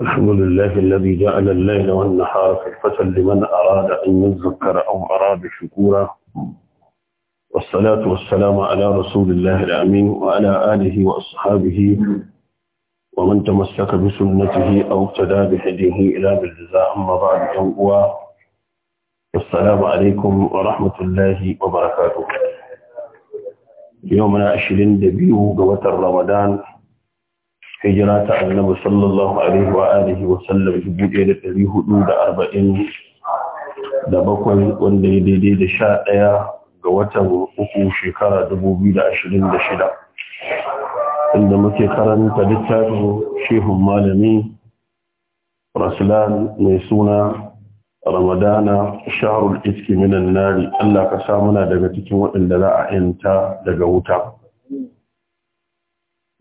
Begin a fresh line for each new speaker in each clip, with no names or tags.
الحمد لله الذي جعل الليل والنهار خلفة لمن أراد أن يذكر أو أراد شكورا والصلاة والسلام على رسول الله الأمين وعلى آله وأصحابه ومن تمسك بسنته أو اقتدى بهديه إلى بالجزاء أما بعد والسلام السلام عليكم ورحمة الله وبركاته يومنا عشرين دبيو قوة رمضان hijira ta annabi sallallahu alaihi wa alihi wa sallam 1447 da bakwai wanda ya daidai da sha ɗaya ga watan uku shekara 2026 inda muke karanta littafin shehun malami rasulan mai suna ramadana shaharul iski minan nari allah ka sa muna daga cikin waɗanda za a yanta daga wuta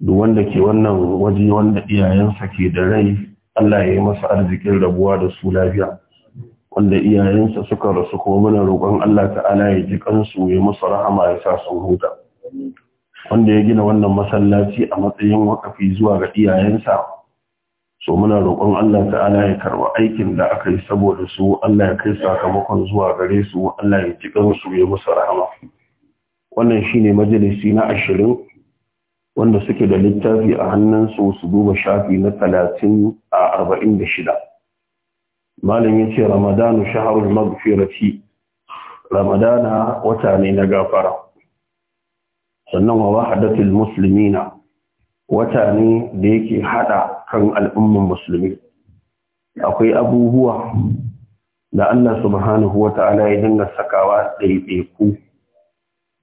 duk wanda ke wannan waje wanda iyayensa ke da rai Allah ya yi masa arzikin rabuwa da su lafiya wanda iyayensa suka rasu kuma muna roƙon Allah ta'ala ya ji kansu ya musu rahama ya sa sun huta wanda ya gina wannan masallaci a matsayin wakafi zuwa ga iyayensa so muna roƙon Allah ta'ala ya karba aikin da aka yi saboda su Allah ya kai sakamakon zuwa gare su Allah ya ji kansu ya musu rahama wannan shine majalisi na ashirin wanda suke da littafi a hannunsu su duba shafi na talatin a arba'in da shida. Malam ya ce Ramadanu shaharul magfirati Ramadana wata ne na gafara. Sannan wa wahadatul muslimina wata ne da yake hada kan al'umman musulmi. Akwai abubuwa da Allah subhanahu wa ta'ala ya dinga sakawa ɗaiɗaiku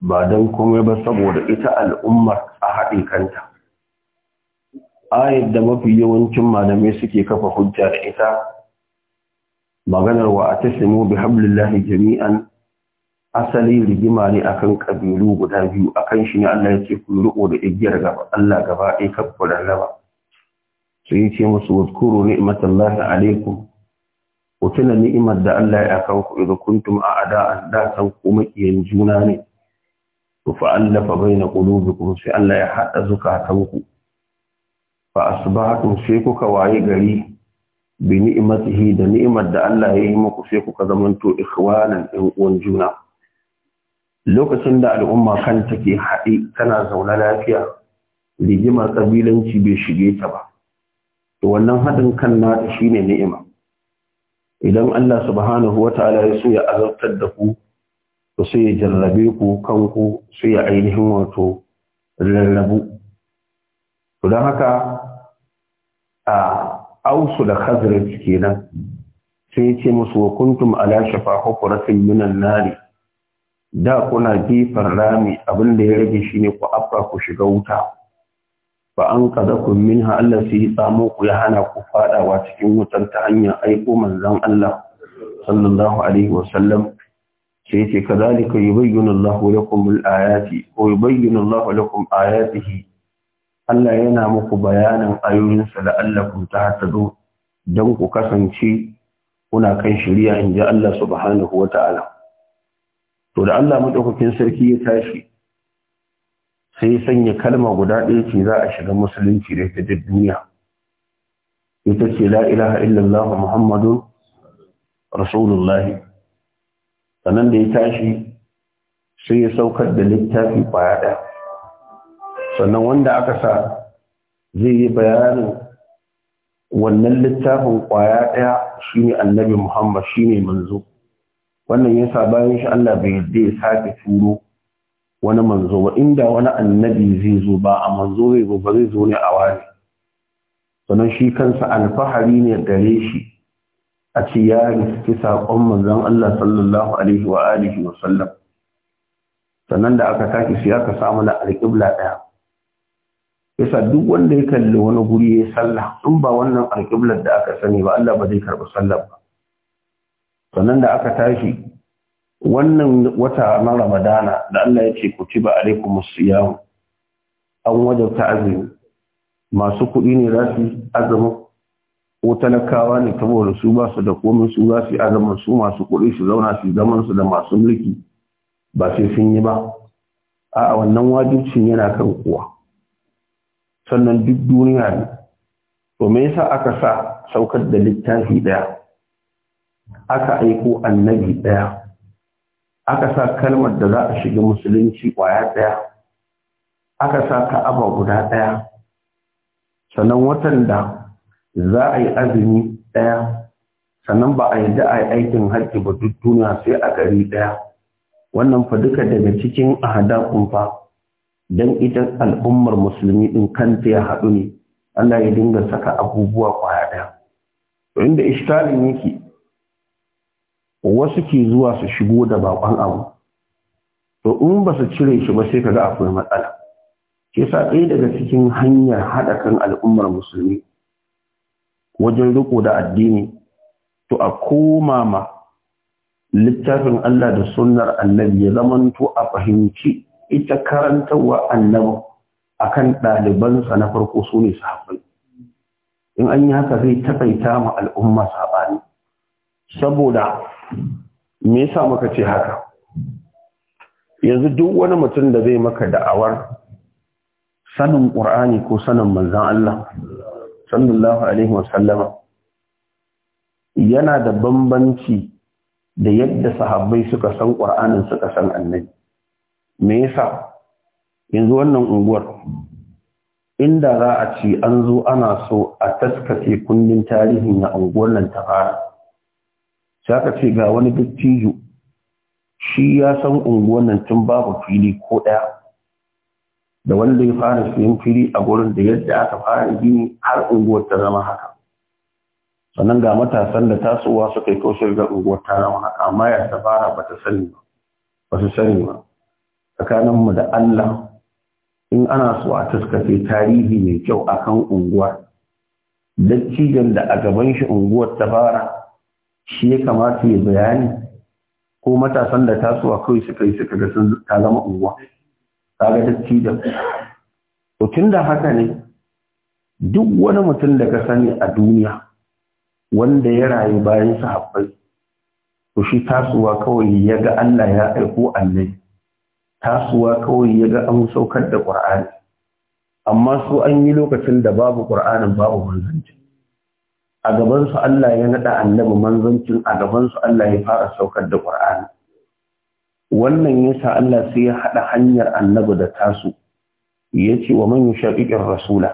ba don komai ba saboda ita al'ummar a haɗe kanta ayar da mafi yawancin malamai suke kafa hujja da ita maganar wa a tasimu bi hablillahi jami'an asali rigima ne akan ƙabilu guda biyu akan shi ne Allah ce ku riko da igiyar gaba Allah gaba ɗaya kakku rarraba su yi ce musu wazkuru ni'matallahi alaikum ku tuna ni'imar da Allah ya akan ku idan kuntum a ada'an da san kuma makiyan juna ne to fa allafa baina qulubikum sai Allah ya hada zukatanku fa asbahtum sai kuka waye gari bi ni'matihi da ni'mar da Allah ya yi muku sai kuka zamanto ikhwanan 'yan uwan juna lokacin da al'umma kanta ke haɗe tana zaune lafiya rigimar kabilanci bai shige ta ba to wannan haɗin kan nata shine ni'ima idan Allah subhanahu wataala ya so ya azabtar da ku to sai ya jarrabe ku kanku su ya ainihin wato rarrabu to don haka a ausu da khazraj kenan sai ya ce musu wa kuntum ala shafa hukuratin minan nari da kuna gifar rami abin da ya rage shine ku abba ku shiga wuta ba an kaza ku minha Allah sai ya tsamo ku ya hana ku fadawa cikin wutar ta hanyar aiko manzon Allah sallallahu alaihi wasallam sai ce kazalika yubayyinu Allahu lakum al-ayati wa yubayyinu lakum ayatihi Allah yana muku bayanin ayoyinsa la'allakum tahtadu dan ku kasance kuna kan shari'a inji Allah subhanahu wa ta'ala. To da Allah maɗaukakin sarki ya tashi, sai sanya kalma guda ɗaya ce za a shiga musulunci da ita duniya. Ita ce la ilaha illallah Muhammadun Rasulullahi. sannan da ya tashi sai ya saukar da littafi kwaya ɗaya sannan wanda aka sa zai yi bayanin wannan littafin kwaya ɗaya shi ne annabi muhammad shi ne manzo wannan ya sa bayan shi allah bai yadda ya sake turo wani manzo ba inda wani annabi zai zo ba a manzo zai zo ba zai zo ne a ware. sannan shi kansa alfahari ne gare shi a ce ya riski saƙon manzon Allah sallallahu alaihi wa alihi wa sallam sannan da aka tashi sai aka samu na alƙibla ɗaya yasa duk wanda ya kalli wani guri ya sallah in ba wannan alƙiblar da aka sani ba Allah ba zai karɓi sallar ba sannan da aka tashi wannan wata na Ramadana da Allah ya ce ba, alaikum as-siyam an wajabta azumi masu kuɗi ne za su azumin ko talakawa ne saboda su ba su da komai su za su yi azaman su masu kuɗi su zauna su zaman su da masu mulki ba sai sun yi ba a wannan wajibcin yana kan kuwa sannan duk duniya ne to me yasa aka sa saukar da littafi ɗaya aka aiko annabi ɗaya aka sa kalmar da za a shiga musulunci kwaya ɗaya aka sa ka'aba guda ɗaya sannan watan da za a yi azumi ɗaya sannan ba a yi a yi aikin hajji ba duk duniya sai a gari ɗaya wannan fa duka daga cikin ahada fa don ita al'ummar musulmi ɗin kanta ya haɗu ne Allah ya dinga saka abubuwa kwaya ɗaya to inda ishtalin yake wasu ke zuwa su shigo da baƙon abu to in ba su cire shi ba sai ka ga akwai matsala ke sa ɗaya daga cikin hanyar haɗa kan al'ummar musulmi wajen riko da addini to a koma ma littafin Allah da sunnar annabi ya zamanto a fahimci ita karantarwa annabi akan ɗalibansa na farko su ne sahabbai in an yi haka zai taƙaita ma al'umma saɓani saboda me yasa muka ce haka yanzu duk wani mutum da zai maka da'awar sanin ƙur'ani ko sanin manzan Allah sallallahu alaihi wasallama yana da bambanci da yadda sahabbai suka san ƙur'anin suka san annabi me yasa yanzu wannan unguwar inda za a ci an zo ana so a taskace kundin tarihin na unguwar nan ta fara saka ce ga wani dattijo shi ya san unguwar nan tun babu fili ko ɗaya da wanda ya fara siyan firi a gurin da yadda aka fara gini har unguwar ta zama haka sannan ga matasan da tasowa suka yi kausar ga unguwar ta zama haka amma ya ta fara ba ta sani ba ba su sani ba tsakaninmu da Allah in ana so a taskace tarihi mai kyau akan unguwa dattijan da a gaban shi unguwar ta fara shi ya kamata ya bayani ko matasan da tasowa kawai suka yi suka ga sun ta zama unguwa kaga dattijan to tunda haka ne duk wani mutum da ka sani a duniya wanda ya rayu bayan sahabbai to shi tasuwa kawai ya ga Allah ya aiko annai tasuwa kawai ya ga an saukar da ƙur'ani amma su an yi lokacin da babu ƙur'anin babu manzanci a gaban su Allah ya naɗa annabi manzancin a gaban su Allah ya fara saukar da ƙur'ani wannan yasa Allah sai ya haɗa hanyar annabi da tasu ya ce wa man yushaqiqir rasula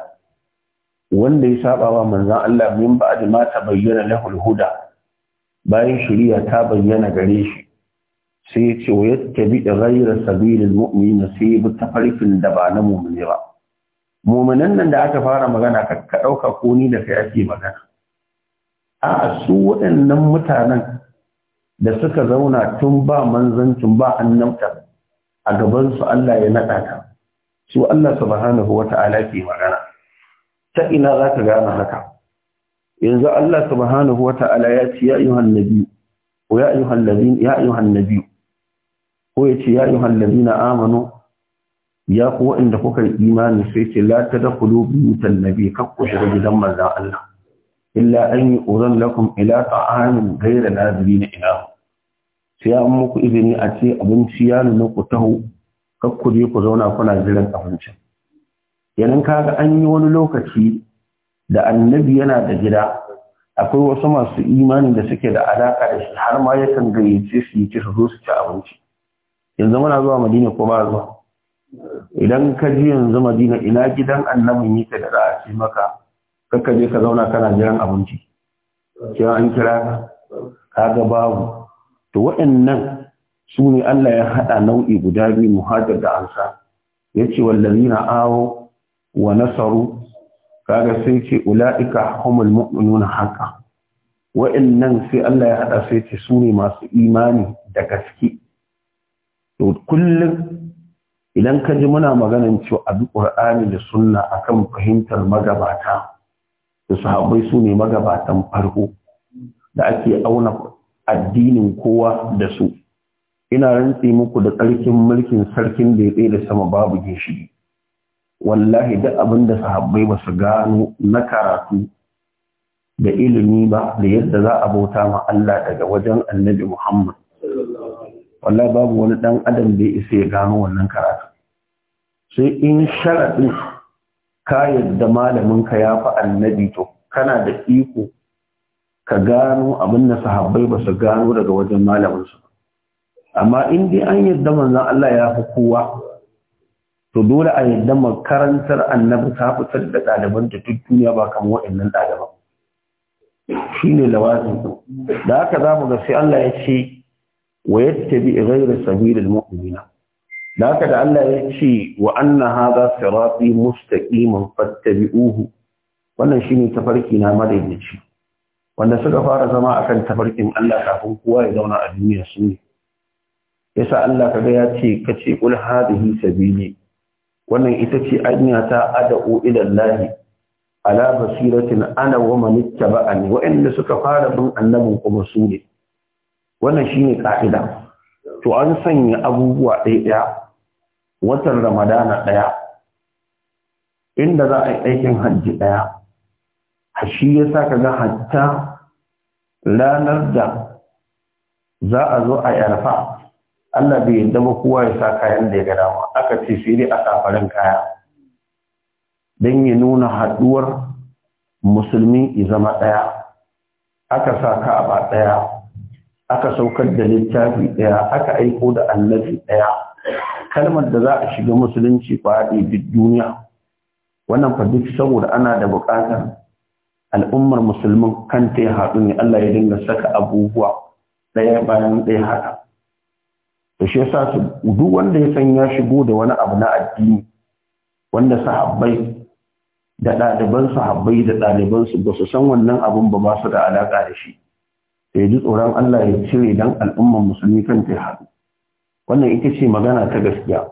wanda ya saba wa manzon Allah min ba'd ma tabayyana lahu huda bayan shari'a ta bayyana gare shi sai ya ce wa yattabi ghayra sabilil mu'minin sai bi tafarkin da ba na mu'mini ba mu'minan nan da aka fara magana ka dauka ko ni da kai ake magana a su waɗannan mutanen da suka zauna tun ba manzancin ba annabta a gabansu Allah ya naɗa ta su Allah subhanahu wa ta'ala ke magana ta ina za ka gane haka yanzu Allah subhanahu wa ta'ala ya ce ya ayyuhan nabi ko ya ayyuhan ya ayyuhan nabi ko ya ce ya ayyuhan ladina amanu ya ku inda kuka imani sai ce la tadkhulu buyutan nabi kakku shiga gidan manzan Allah illa an yi uzan lakum ila ta'amin gaira naziri na ina sai an muku izini a ce abinci ya nuna ku taho kakkuje ku zauna kuna jiran abincin yanan kaga an yi wani lokaci da annabi yana da gida akwai wasu masu imani da suke da alaka da shi har ma yakan gayyace su yi ci su zo abinci yanzu muna zuwa madina ko ba idan ka ji yanzu madina ina gidan annabin yake da ra'a maka kakka je ka zauna kana jiran abinci cewa an kira ka ga babu to waɗannan su ne Allah ya haɗa nau'i guda biyu muhajir da ansa ya ce wallazi na awo wa nasaru kaga sai ce ula'ika humul mu'minuna haka wa'annan sai Allah ya haɗa sai ce su ne masu imani da gaske to kullum idan ka ji muna maganan cewa abi qur'ani da sunna akan fahimtar magabata da sahabbai su ne magabatan farko da ake auna addinin kowa da su ina rantse muku da tsarkin mulkin sarkin da ya tsaye da sama babu gishiri wallahi duk abin da sahabbai ba su gano na karatu da ilimi ba da yadda za a bauta ma Allah daga wajen annabi Muhammad wallahi babu wani dan adam da ya isa ya gano wannan karatu sai in sharaɗin ka yadda malaminka ya fi annabi to kana da iko ka gano abin da sahabbai ba su gano daga wajen malaminsu amma in dai an yadda manzon Allah ya fi kowa to dole a yadda makarantar annabi ta fitar da ɗaliban da duk duniya ba kamar waɗannan ɗaliban shi ne lawazin da haka za mu ga sai Allah ya ce wa bi ghayra sabilil mu'minina da haka da Allah ya ce wa anna hadha sirati mustaqiman fattabi'uhu wannan shine tafarki na madaidaici wanda suka fara zama akan tafarkin Allah kafin kowa ya zauna a duniya su ne yasa Allah kaga ya ce kace kul hadhihi sabili wannan ita ce anya ta ad'u ila Allah ala basiratin ana wa man ittaba'ani wa inda suka fara bin annabin kuma su ne wannan shine ka'ida to an sanya abubuwa ɗaya ɗaya watan ramadana ɗaya inda za a yi aikin hajji ɗaya shi ya sa ka ga hatta ranar da za a zo a yarfa Allah bai yadda ba kowa ya sa kayan da ya gada ma. aka ce sai dai a safarin kaya don ya nuna haɗuwar musulmi zama ɗaya aka sa ka a ba ɗaya aka saukar da littafi ɗaya aka aiko da annabi ɗaya kalmar da za a shiga musulunci faɗi duk duniya wannan fa duk saboda ana da buƙatar al'ummar musulmin kanta ya haɗu ne Allah ya dinga saka abubuwa ɗaya bayan ɗaya haka da shi yasa su duk wanda ya san ya shigo da wani abu na addini wanda sahabbai da ɗaliban sahabbai da ɗaliban su ba su san wannan abun ba ba su da alaƙa da shi sai ji tsoron Allah ya cire dan al'ummar musulmi kan ta haɗu wannan ita ce magana ta gaskiya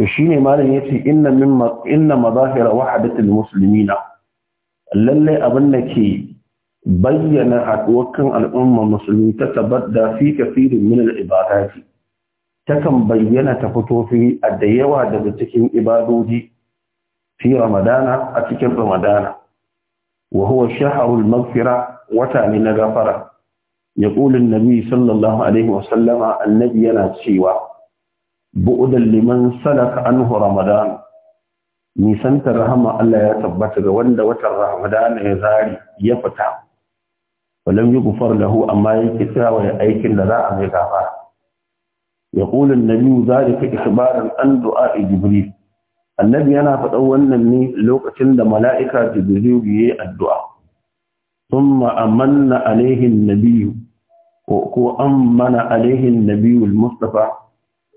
to shine malam yace inna min inna mazahira wahdatul muslimina lalle abin da ke bayyana haɗuwar kan al'umma musulmi ta tabbata fi kafirin min al-ibadati takan bayyana ta fito fi da yawa daga cikin ibadoji fi ramadana a cikin ramadana wa huwa shahrul maghfira wata ne na gafara يقول النبي صلى الله عليه وسلم النبي أنا سوى بؤدا لمن سلك عنه رمضان nisantar rahama Allah ya tabbata ga wanda watan Ramadan ya zari ya fita walam yughfar lahu amma yake tsawa ya aikin da za a mai gafara yaqulu an-nabi zalika ikhbaran an du'a jibril annabi yana faɗan wannan ne lokacin da mala'ika jibril yayi addu'a thumma amanna alaihi an-nabi ko an mana alaihin Nabiul mustafa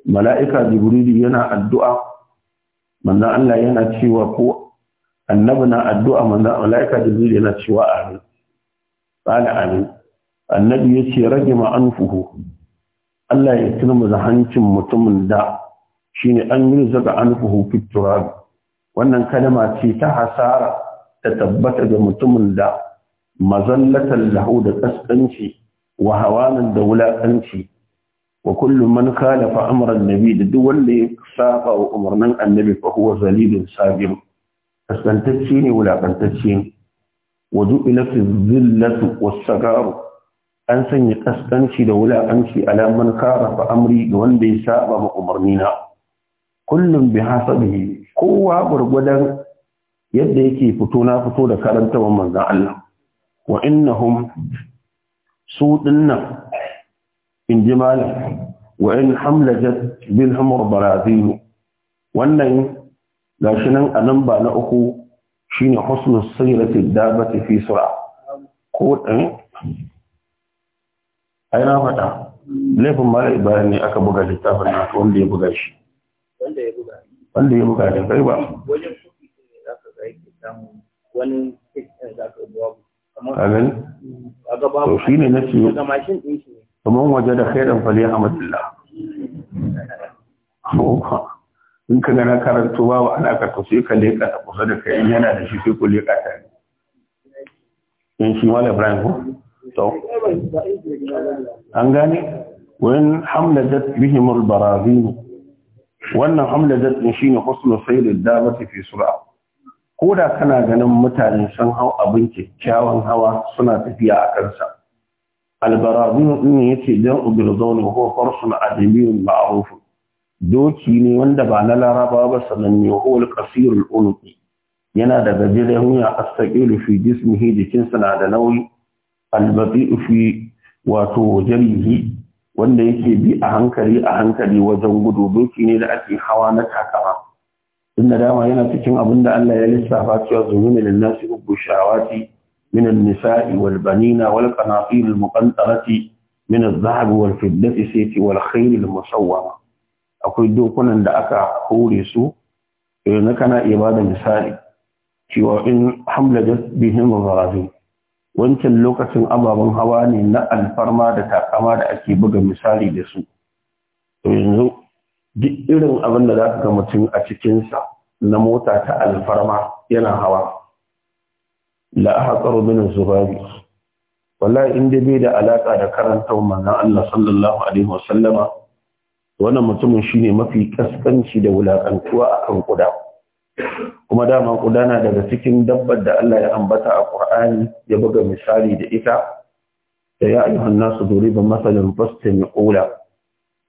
mala'ika jibrili yana addu'a manzan Allah yana cewa ko annabi na addu'a manzan mala'ika jibrili yana cewa amin qala amin annabi yace ragima anfuhu Allah ya turmuza hancin mutumin da shine an yi zaga anfuhu fit turab wannan kalma ce ta hasara ta tabbata ga mutumin da mazallatan lahu da kaskanci wa hawanan da wulaƙanci wa kullum man khalafa amran nabi da duk wanda ya saba wa umarnin annabi fa huwa zalilun sabim ne wulaƙantacce ne wa du'ila fi zillatu was an sanya kaskanci da wulaƙanci ala man khalafa ga wanda ya saba ma umarnina kullum bi hasabihi kowa gurgudan yadda yake fito na fito da karanta manzon Allah wa innahum su dinnan in ji malam wa in hamlajat bil humur barazil wannan gashi nan a nan ba na uku shine husnul sayrati dabati fi sur'a ko dan eh? ai na faɗa laifin mara ibrahim ne aka buga littafin na wanda ya buga shi wanda ya buga wanda ya buga da kai ba wani a gani to shi ne na ce kamar waje da khairan fali hamadullah in ka gana karanto babu ana to sai ka leƙa ta kusa da kai yana da shi sai ku leƙa ta ne in shi mala ibrahim ko to an gane wayan hamladat bihim albarazin wannan hamladat din shine husnul sayl dabati fi sur'a ko da kana ganin mutane sun hau abin kyakkyawan hawa suna tafiya a kansa albarabin din ya ce don ubirzauni ko farsuna adamiyun ma'arufu doki ne wanda ba na laraba ba sannan ne hol kasirul unuki yana da gajeren wuya astaqilu fi jismihi jikinsa na da nauyi albazi fi wato jarihi wanda yake bi a hankali a hankali wajen gudu doki ne da ake hawa na takama inda dama yana cikin abin da Allah ya lissafa cewa zumina lin nasi hubbu shawati min an-nisa'i wal banina wal qanatir al muqantarati min adh-dhahab wal fiddati sayti wal khayl al musawwama akwai dokunan da aka hore su yanzu kana iya ba da misali cewa in hamlajat bihim gharazin wancan lokacin ababen hawa ne na alfarma da takama da ake buga misali da su yanzu duk irin abin da za ka ga mutum a cikinsa na mota ta alfarma yana hawa la haƙaru min zubabi wallahi in dai bai da alaƙa da karanta manzon Allah sallallahu alaihi wasallama wannan mutumin shine mafi kaskanci da wulakantuwa akan kuda kuma dama kuda na daga cikin dabbar da Allah ya ambata a Qur'ani ya buga misali da ita ya ayyuhan nasu duriba masalan fastami'u lahu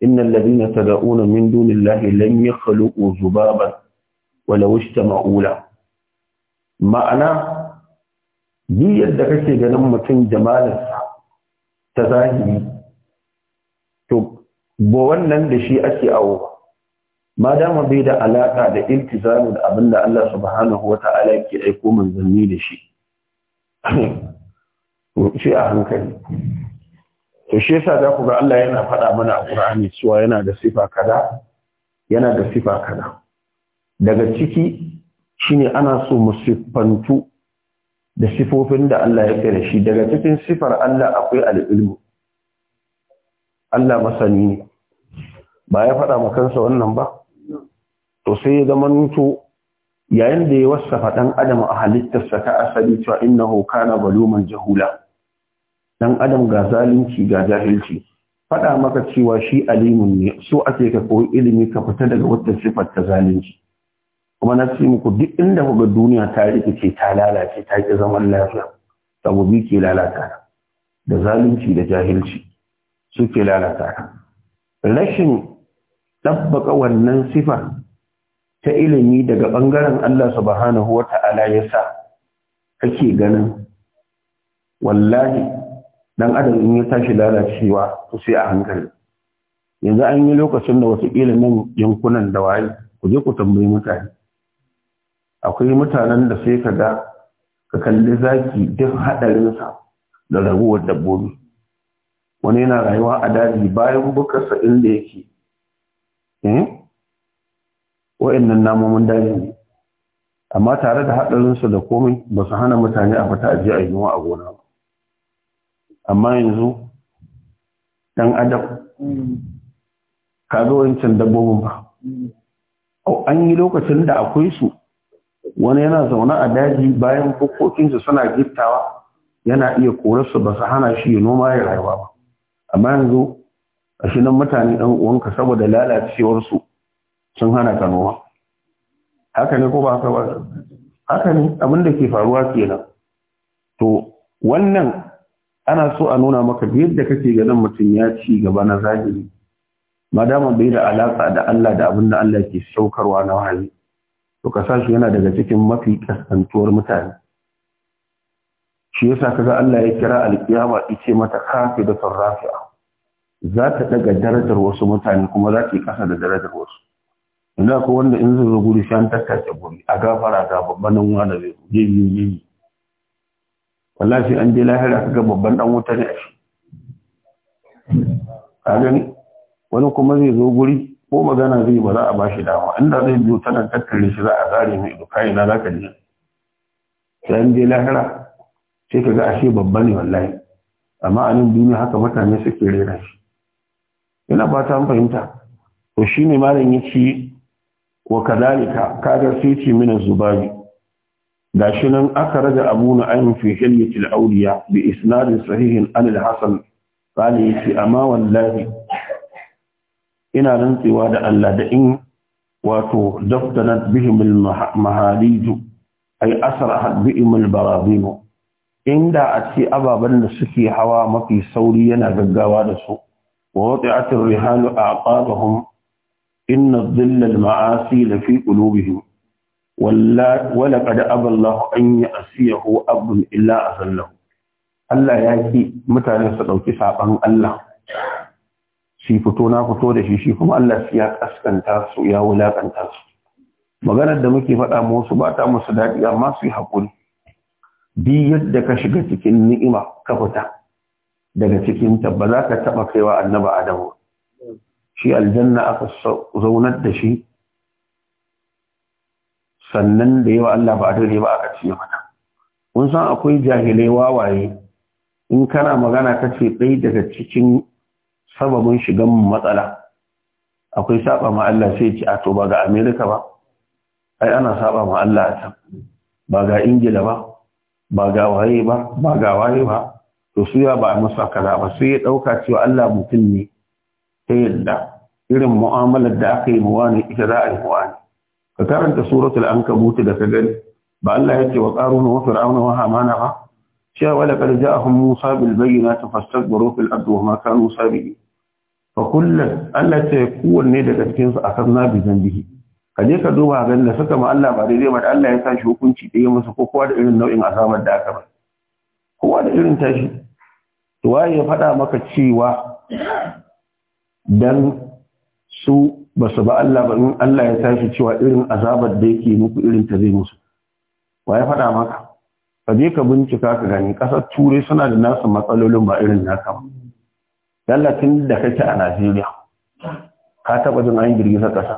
innal ladina tad'una min dunillahi lan yakhluqu zubaban walau ijtama'u la ma'ana duk da kake ganin mutum jamalarsa ta zahiri to bo wannan da shi ake awo Madama bai da alaƙa da iltizamu da abin Allah subhanahu wa ta'ala ke aiko manzanni da shi shi a hankali to shi yasa za ku ga Allah yana faɗa mana a Qur'ani cewa yana da sifa kaza yana da sifa kaza daga ciki shine ana so mu siffantu da sifofin da Allah ya kare shi daga cikin sifar Allah akwai al Allah masani ne ba ya faɗa ma kansa wannan ba to sai ya zama nuto yayin da ya wasa ɗan adam a halittarsa ta asali cewa innahu kana baluman jahula dan adam ga zalunci ga jahilci faɗa maka cewa shi alimun ne so ake ka koyi ilimi ka fita daga wata sifar ta zalunci kuma na ce muku duk inda kuga duniya ta rikice ta lalace ta ki zaman lafiya bi ke lalata da zalunci da jahilci suke lalata rashin tabbaka wannan sifa ta ilimi daga bangaren Allah subhanahu wa ta'ala ya sa kake ganin wallahi dan adam in ya tashi lalacewa to sai a hankali yanzu an yi lokacin da wasu ƙila nan yankunan da waye ku je ku tambayi mutane akwai mutanen da sai ka ga ka kalli zaki duk haɗarinsa da raguwar dabbobi wani yana rayuwa a daji bayan bukarsa inda yake eh? wa'annan namomin daji ne amma tare da haɗarinsu da komai ba su hana mutane a fita ajiye a yi a gona ba amma yanzu dan adam ka zo wancan dabbobin ba an yi lokacin da akwai su wani yana zaune a daji bayan bukokinsu suna gittawa yana iya su ba su hana shi ya noma ya rayuwa ba amma yanzu a shi nan mutane ɗan uwanka saboda lalacewarsu sun hana ka noma haka ne ko ba haka ba haka ne abin da ke faruwa kenan to wannan ana so a nuna maka yadda kake ganin mutum ya ci gaba na zahiri madama bai da alaka da Allah da abin da Allah ke saukarwa na wahayi to ka shi yana daga cikin mafi kasantuwar mutane shi yasa kaga Allah ya kira alkiyama ice mata kafi da sarrafiya za ta daga darajar wasu mutane kuma za ta yi kasa da darajar wasu ina ko wanda in zai zo guri shan tattace guri a gafara ga babban nan wanda zai yi wallahi an je lahira ka ga babban dan wuta ne a shi wani kuma zai zo guri ko magana zai ba za a bashi dama inda zai biyo tana tattare shi za a zare mai ido ina na zaka je sai an je lahira sai ka ga ashe babba ne wallahi amma a nan duniya haka mutane suke rera shi yana ba ta fahimta to shine malam yace wa kadalika kaga sai ce mina zubabi gashi nan aka rage abu na ainihin fi hilyatil auliya bi isnadin sahihin anil hasan qali yace amma wallahi ina rantsewa da Allah da in wato daftanat bihim al asar ay asrahat bihim al barabinu inda a ce ababen da suke hawa mafi sauri yana gaggawa da su wa wati'atir rihalu aqabahum inna zillal ma'asi da fi wala kada aballahu an ya'siyahu abun illa azallahu Allah ya ki mutane su dauki saban Allah shi fito na fito da shi shi kuma Allah shi ya kaskanta su ya wulakanta su maganar da muke faɗa musu ba ta musu daɗi amma su yi haƙuri Bi yadda ka shiga cikin ni'ima ka fita daga cikin ta ba za ka taɓa kaiwa annaba adamu shi aljanna aka zaunar da shi sannan da yawa Allah ba a dole ba aka ce mata mun san akwai jahilai wawaye in kana magana ka ce ɗaya daga cikin sababin shigan matsala akwai saba ma Allah sai ce a to ba ga Amerika ba ai ana saba ma Allah a can ba ga Ingila ba ba ga waye ba ba ga waye ba to su ya ba a masa kaza ba sai ya ɗauka cewa Allah mutum ne ta yadda irin mu'amalar da aka yi muwani ita za a yi muwani ka karanta suratul ankabut da ka gani ba Allah yake wa qaruna wa fir'auna wa hamana ba cewa wala qad ja'ahum musa bil bayyinati fastakbaru fil ard wa ma kanu sabiqi fa kullu Allah ce kowanne daga cikin su akan bi zambihi ka je ka duba ga da suka ma Allah ba daidai ba da Allah ya sa shi hukunci ɗaya masa ko kowa da irin nau'in azabar da aka ba kowa da irin tashi to waye ya faɗa maka cewa dan su ba su ba Allah ba in Allah ya tashi cewa irin azabar da yake muku irin ta zai musu wa ya faɗa maka ka je ka bincika ka gani ƙasar turai suna da nasu matsalolin ba irin naka ba yalla tun da kake a Najeriya ka taɓa jin an girgizar ƙasa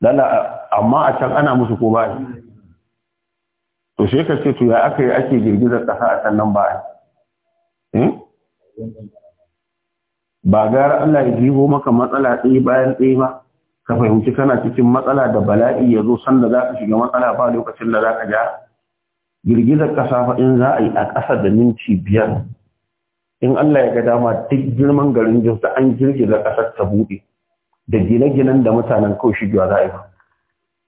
lalla amma a can ana musu ko ba to sai ka ce to ya aka yi ake girgizar ƙasa a can nan ba eh ba gara Allah ya jibo maka matsala ɗaya bayan ɗaya ba ka fahimci kana cikin matsala da bala'i ya zo sanda za ka shiga matsala ba lokacin da za ka ja girgizar ƙasa fa in za a yi a ƙasa da minti biyar in Allah ya ga dama duk girman garin Jos da an girgiza ƙasar ta buɗe da gine-ginen da mutanen kawai shigewa za a yi ba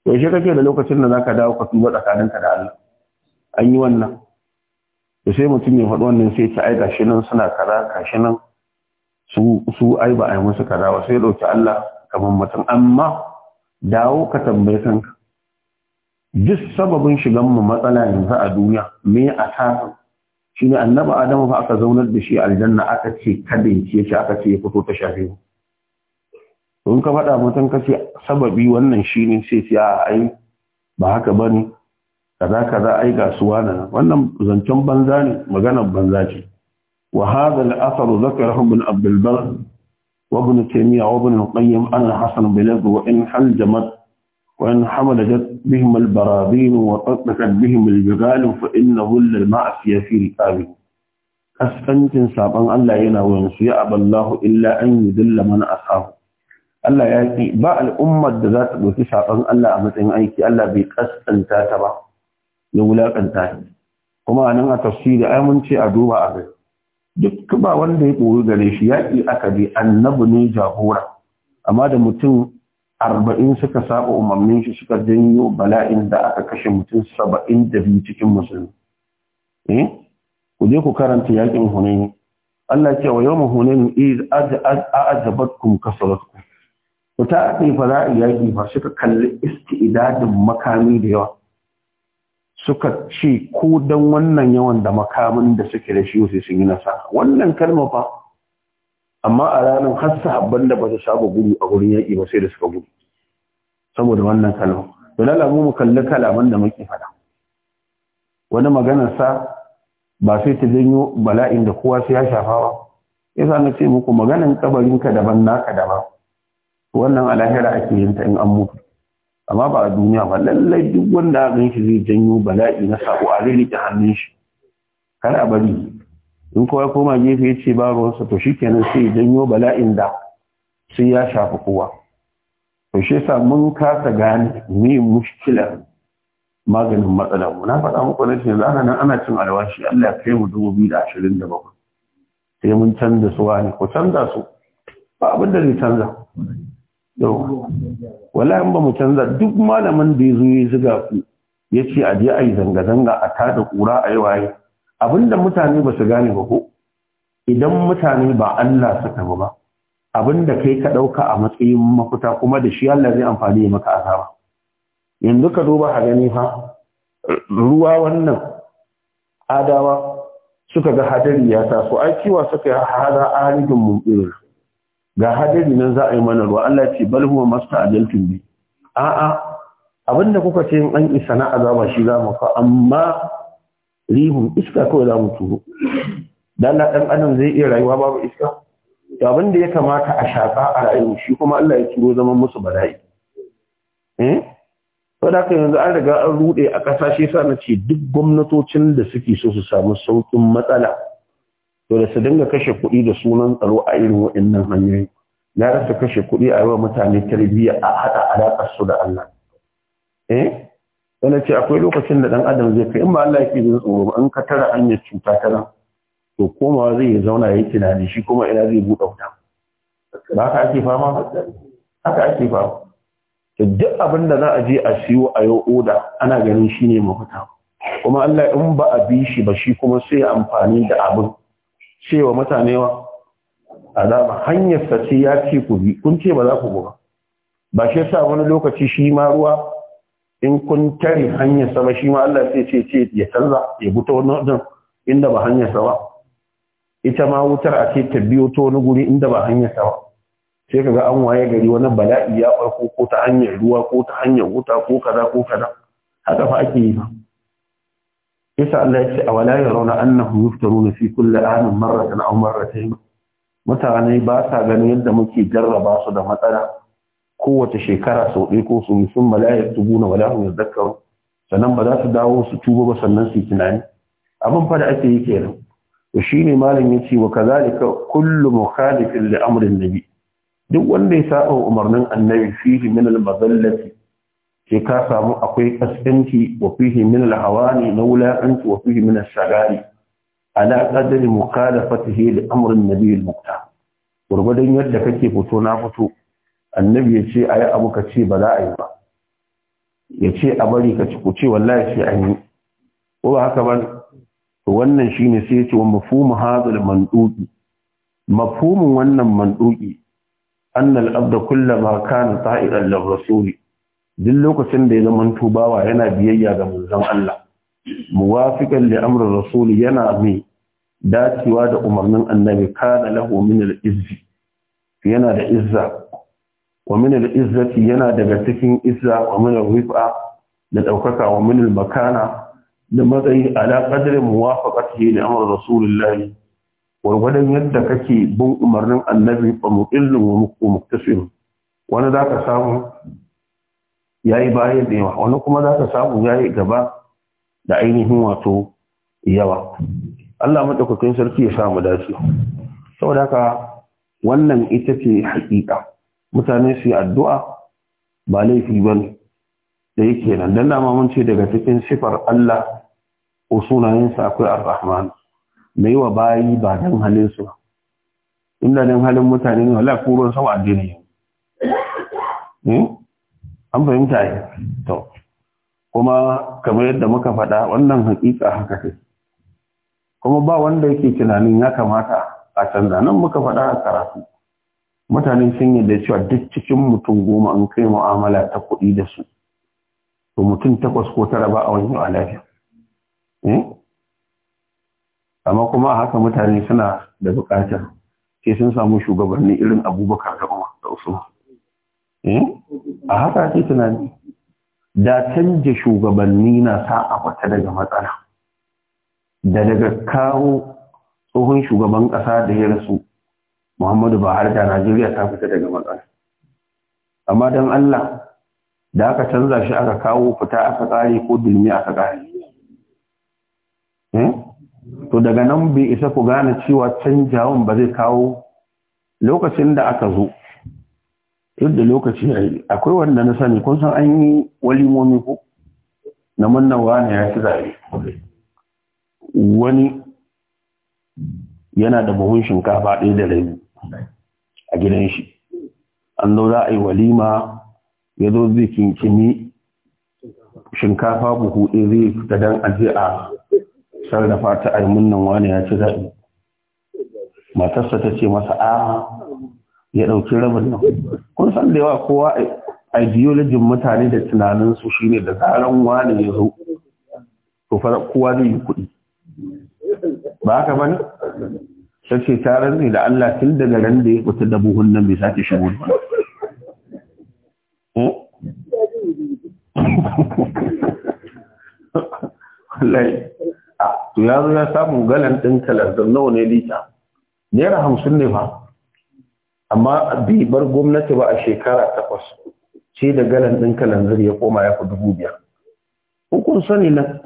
yaushe kake da lokacin da za ka dawo ka tuba tsakaninka da Allah an yi wannan to sai mutum ya faɗi wannan sai ta aika shi nan suna kaza shi nan su ai ba a yi musu kaza ba sai dauki Allah kaman mutum amma dawo ka tambaye kanka duk sababin shigan mu matsala yanzu a duniya me a shi ne annabi Adamu fa aka zaunar da shi aljanna aka ce kada ya ce aka ce ya fito ta shafe mu in ka faɗa mutum ka ce sababi wannan shi ne sai ce a ai ba haka bane kaza kaza ai ga suwa wannan zancen banza ne maganar banza ce وهذا الأثر ذكره ابن عبد البر وابن تيمية وابن القيم أن الحسن بلد وإن حلجمت وإن حملت بهم البرابين وطلقت بهم الجغال فإن ظل المعصية في ركابه أسفنت سابا أن لا ينوين سيأب الله إلا أن يدل من أصحابه Allah ya ƙi ba al'ummar da za ta ɗauki saƙon Allah a matsayin aiki Allah bai ƙasƙanta ta ba ya wulaƙanta ta kuma a nan a tafsiri ai mun ce a duba a gai duk ba wanda ya ɓoyi gare shi yaƙi aka bi annabi ne jagora amma da mutum arba'in suka saba umarnin shi suka janyo bala'in da aka kashe mutum saba'in da biyu cikin musulmi eh ku je ku karanta yaƙin hunayn Allah ce wa yawma hunayn iz a'jabatkum kasratkum ku ta fa za a yaƙi ba suka kalli istidadin makami da yawa suka ce ko don wannan yawan da makamin da suke da shi sai sun yi nasa wannan kalma fa amma a ranar har sahabban da ba su saba gudu a wurin yaki ba sai da suka gudu saboda wannan kalma don alamu mu kalli kalaman da muke faɗa wani maganar sa ba sai ta janyo bala'in da kowa sai ya shafa ba yasa na ce muku maganan kabarinka daban naka daban wannan alahira ake yin ta in an mutu amma ba a duniya ba lallai duk wanda a shi zai janyo bala'i na sabo a zai rike hannun shi kar a bari in kowa koma gefe ya ce ba ruwansa to shikenan sai janyo bala'in da sai ya shafi kowa to shi yasa mun kasa gane me mushkilar maganin matsalar mu na faɗa muku na cewa ana nan ana cin alwashi Allah ya kai mu dubu biyu da ashirin da bakwai sai mun canza su wani ko canza su ba abin zai canza yau wala in ba mu canza duk malamin da ya zo ya ziga ku ya ce a je a yi zanga-zanga a tada kura a yi waye abinda mutane ba su gane ba ko idan mutane ba Allah suka ba ba abinda kai ka ɗauka a matsayin mafita kuma da shi Allah zai amfani ya maka azaba yanzu ka duba a gani fa ruwa wannan adawa suka ga hadari ya taso ai kiwa suka yi hada aridin mumbirin ga hadari nan za a yi mana ruwa Allah ce bal huwa masta'ajaltum bi a'a abinda kuka ce in an isa na azaba shi za mu fa amma rihun iska kawai za mu turo dan na dan adam zai iya rayuwa babu iska to abinda ya kamata a shaka a rayuwa shi kuma Allah ya turo zaman musu bala'i eh to da kai yanzu an riga an rude a kasashe sa na ce duk gwamnatocin da suke so su samu saukin matsala to da su dinga kashe kuɗi da sunan tsaro a irin waɗannan hanyoyi ya rasa kashe kuɗi a yawan mutane tarbiyya a haɗa alaƙar su da Allah eh wani ce akwai lokacin da ɗan adam zai kai in ba Allah yake jin tsoro in ka tara hanyar cuta ta nan to komawa zai ya zauna ya yi tunani shi kuma ina zai buɗe wuta ba haka ake fama haka ake fama to duk abin da za a je a siyo a yau oda ana ganin shi ne mafita kuma Allah in ba a bi shi ba shi kuma sai amfani da abin cewa mutane wa azaba hanyar sa ce ya ce ku bi kun ce ba za ku ba ba shi sa wani lokaci shi ma ruwa in kun tare hanyar sa ba shi ma Allah sai ce ce ya canza ya buta wani wajen inda ba hanyar sa ba ita ma wutar a ce ta biyo ta wani guri inda ba hanyar sa ba sai kaga an waye gari wani bala'i ya farko ko ta hanyar ruwa ko ta hanyar wuta ko kaza ko kaza haka fa ake yi ba isa Allah ya ce a wala yarawna annahum yuftaruna fi kulli amin marratan aw mutane ba sa ganin yadda muke jarraba su da matsala kowace shekara sau ɗaya ko su sun mala'ik tubuna wala hum yadhakkaru sannan ba za su dawo su tuba ba sannan su tunani abin fa da ake yi kenan to shine malam yace wa kazalika kullu mukhalifin li amrin nabi duk wanda ya saba umarnin annabi fihi min al-madallati sai ka samu akwai kaskanci wa fihi min al-hawani na wulaƙanci wa fihi min al-shagari ala qadri mukhalafatihi li amrin nabiy al-muqta gurgurdan yadda kake fito na fito annabi ya ce ayi abu ka ce ba za a yi ba ya ce a bari ka ci ku ce wallahi sai an yi ko ba haka ba to wannan shine sai ya ce wa mafhumu hadhal manduqi mafhumin wannan manduqi annal abda kullama kana ta'iran lir-rasuli duk lokacin da ya zama bawa yana biyayya ga manzon Allah muwafiqan li amri rasul yana mai dacewa da umarnin annabi kana lahu min al-izzi yana da izza wa min al-izzati yana daga cikin izza wa min al-rifa da daukaka wa min al-makana da matsayi ala qadri muwafaqatihi li amri rasulillah wadan yadda kake bin umarnin annabi fa mu'illu wa muqtasir wani zaka samu ya yi baya da yawa wani kuma za ka samu ya yi gaba da ainihin wato yawa Allah maɗaukakin sarki ya samu dace saboda haka wannan ita ce haƙiƙa mutane su yi addu'a ba laifi ba ne da yake nan don dama mun ce daga cikin sifar Allah ko sunayensa akwai ar-rahman yi wa bayi ba don halinsu ba inda don halin mutane ne wala kuruwan sama addini yau an fahimta ai to kuma kamar yadda muka faɗa wannan hakika haka ce kuma ba wanda yake tunanin ya kamata a canza nan muka faɗa a karatu mutane sun da cewa duk cikin mutum goma an kai mu'amala ta kuɗi da su to mutum takwas ko tara ba a wani a lafiya eh? amma kuma a haka mutane suna da bukatar sai sun samu shugabanni irin abubakar da umar da usman Eh? a haka ake tunani da canje shugabanni na sa a fata daga matsala da daga kawo tsohon shugaban ƙasa da ya rasu muhammadu buhari da najeriya ta fita daga matsala amma don allah da aka canza shi aka kawo fita aka tsari ko dulmi aka tsari eh? to daga nan bai isa ku gane cewa canjawan ba zai kawo lokacin da aka zo duk da lokaci ya yi akwai wanda na sani kun san an yi walimomi ko na munna wani ya ci zaɓe wani yana da buhun shinkafa ɗaya da rai a gidan shi an zo za a yi walima ya zo zai kinkini shinkafa buhu ɗaya zai fita don aje a sarrafa ta a yi munnan wani ya ci zaɓe matarsa ta ce masa a ya ɗauki rabin nan kun san da yawa kowa ideologin mutane da tunanin tunaninsu shine da zaran wani ya zo to fara kowa zai yi kuɗi ba haka ba ne sai ne da Allah tun daga ran da ya fita da buhun nan bai sake shigo ba eh? wallahi ah, to ya zo ya samu galan ɗin kalar da nawa ne lita naira hamsin ne fa amma bai bar gwamnati ba a shekara takwas ce da galan ɗin kalanzir ya koma ya fi dubu biyar hukun sani nan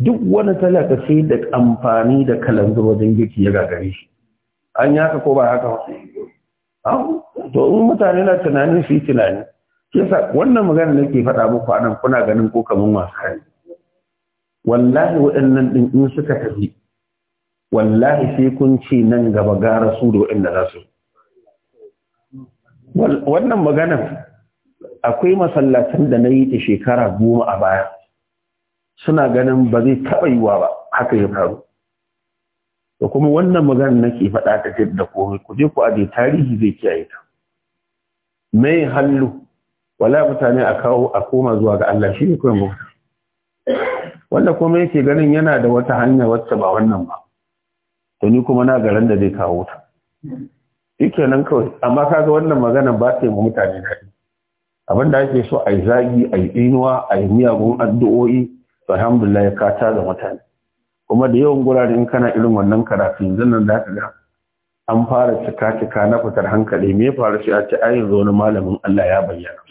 duk wani talaka sai da amfani da kalanzir wajen girki ya gagare shi an yi haka ko ba haka ba to in mutane na tunanin su yi tunani kisa wannan magana ke faɗa muku anan kuna ganin ko kaman masu kare? wallahi waɗannan ɗin in suka tafi wallahi sai kun ce nan gaba gara su da waɗanda za su wannan magana akwai masallacin da na yi ta shekara goma a baya suna ganin ba zai taɓa yiwa ba haka ya faru da kuma wannan maganar nake faɗa ta da komai ku je ku aje tarihi zai kiyaye ta mai hallu wala mutane a kawo a koma zuwa ga Allah shi ne kuma mafita wanda kuma yake ganin yana da wata hanya wacce ba wannan ba to ni kuma na garin da zai kawo ta nan kawai amma kaga wannan magana ba ta yi mu mutane daɗi abin da ake so a yi zagi a yi inuwa a yi miyagun addu'o'i to alhamdulillah ya kata ga mutane kuma da yawan gurare in kana irin wannan karafi yanzu nan za ka ga an fara cika cika na fitar hankali me faru shi a ce ai zo malamin Allah ya bayyana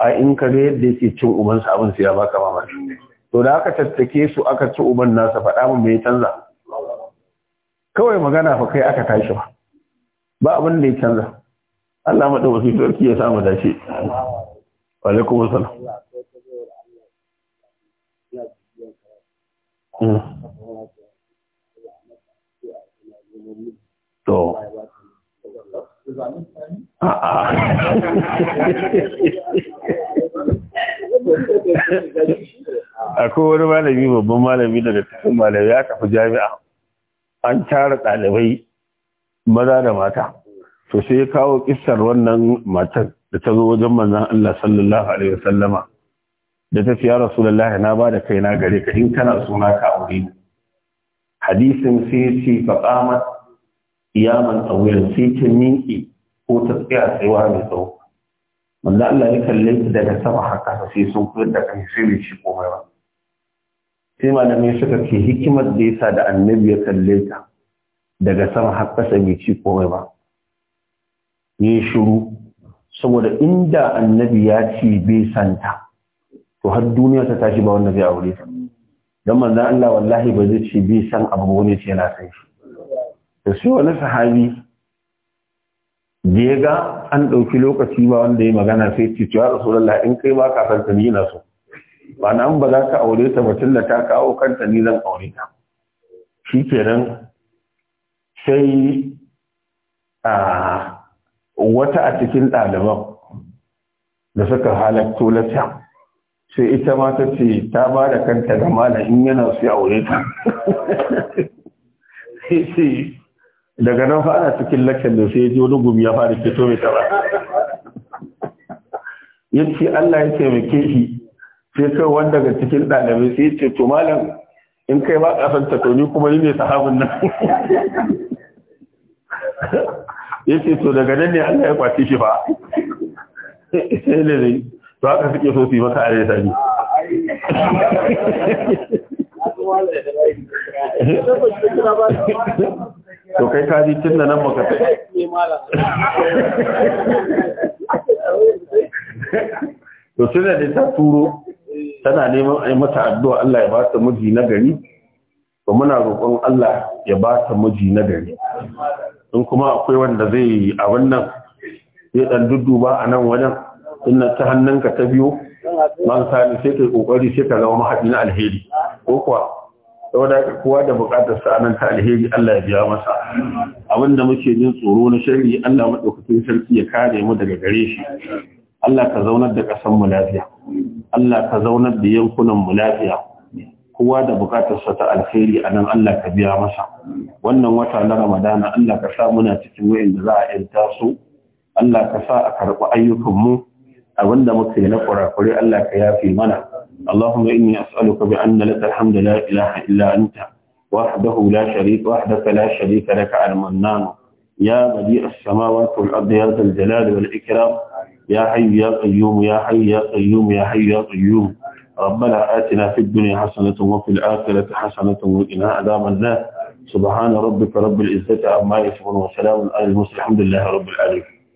a in ka ga yadda yake cin ubansa abin sai ya baka mamaki to da aka tattake su aka ci uban nasa faɗa mun me ya canza kawai magana fa kai aka tashi ba ba abin da ya canza Allah maɗa wasu sarki ya samu dace alaikum wasalam hmm. to akwai wani malami babban malami daga cikin malami ya tafi jami'a an tara ɗalibai maza da mata to sai ya kawo kissar wannan matan da ta zo wajen manzon Allah sallallahu alaihi wasallama da ta fiya rasulullahi na ba da kaina gare ka in kana suna ka aure hadisin sai ce fa qamat iyaman tawil sai ta ninki ko ta tsaya tsayuwa mai tsawo manzon Allah ya kalle ta daga sama haka sai sun kuyar da kai sai bai ci komai ba sai malamai suka ce hikimar da yasa da annabi ya kalle ta daga sama har ƙasa bai ci komai ba ya shiru saboda inda annabi ya ci bai santa to har duniya ta tashi ba wanda zai aure ta don manzan Allah wallahi ba zai ci bai san abu wani ce yana san shi da su wani sahabi da ya ga an ɗauki lokaci ba wanda ya magana sai ce cewa rasulallah in kai ba ka san ta ni na so ba na ba za ka aure ta mutum da ta kawo kanta ni zan aure ta shi kenan sai a wata a cikin ɗaliban da suka halatto lacca sai ita ma ta ce ta ba da kanta da malam in yana su aure ta daga nan fara cikin lakin da sai ji wani gumi ya fara fito mai taba ya ce Allah ya taimake shi sai kai wanda daga cikin ɗalibai sai ce to malam in kai ba kasanta to ni kuma ni ne sahabin nan yace to daga nan ne Allah ya kwace shi fa sai ne ne to haka suke so su yi maka are sani to kai ka ji tun da nan maka to tun da ta turo tana neman a yi mata addu'a Allah ya ba ta miji na gari to muna roƙon Allah ya ba ta miji na gari in kuma akwai wanda zai yi a wannan ya ɗan dudduba a nan wajen ina ta hannunka ta biyo man sani sai yi ƙoƙari sai ka zama mahaɗi na alheri ko kuwa saboda kowa da buƙatar sa nan ta alheri Allah ya biya masa abin da muke yin tsoro na shari'i Allah maɗaukacin sarki ya kare mu daga gare shi Allah ka zaunar da ƙasar mu lafiya Allah ka zaunar da yankunan mu lafiya kowa da bukatarsa ta alheri a nan Allah ka biya masa wannan wata na Ramadana Allah ka sa muna cikin wayanda za a yanta su Allah ka sa a karɓi ayyukan mu abinda muka yi na kurakure Allah ka yafe mana اللهم إني أسألك بأن لك الحمد لا إله إلا أنت وحده لا شريك وحدك لا شريك لك المنان يا بديع السماوات والأرض يا ذا الجلال يا حي يا قيوم يا حي يا قيوم يا حي يا قيوم ربنا آتنا في الدنيا حسنة وفي الآخرة حسنة وقنا عذاب النار سبحان ربك رب العزة عما يصفون وسلام على المرسلين الحمد لله رب العالمين